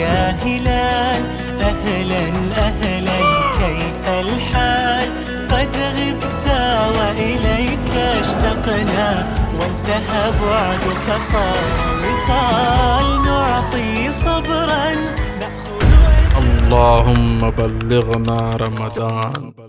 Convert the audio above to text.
يا هلال أهلا أهلا كيف الحال قد غبت وإليك اشتقنا وانتهى بعدك صار وصال نعطي صبرا نأخذ اللهم بلغنا رمضان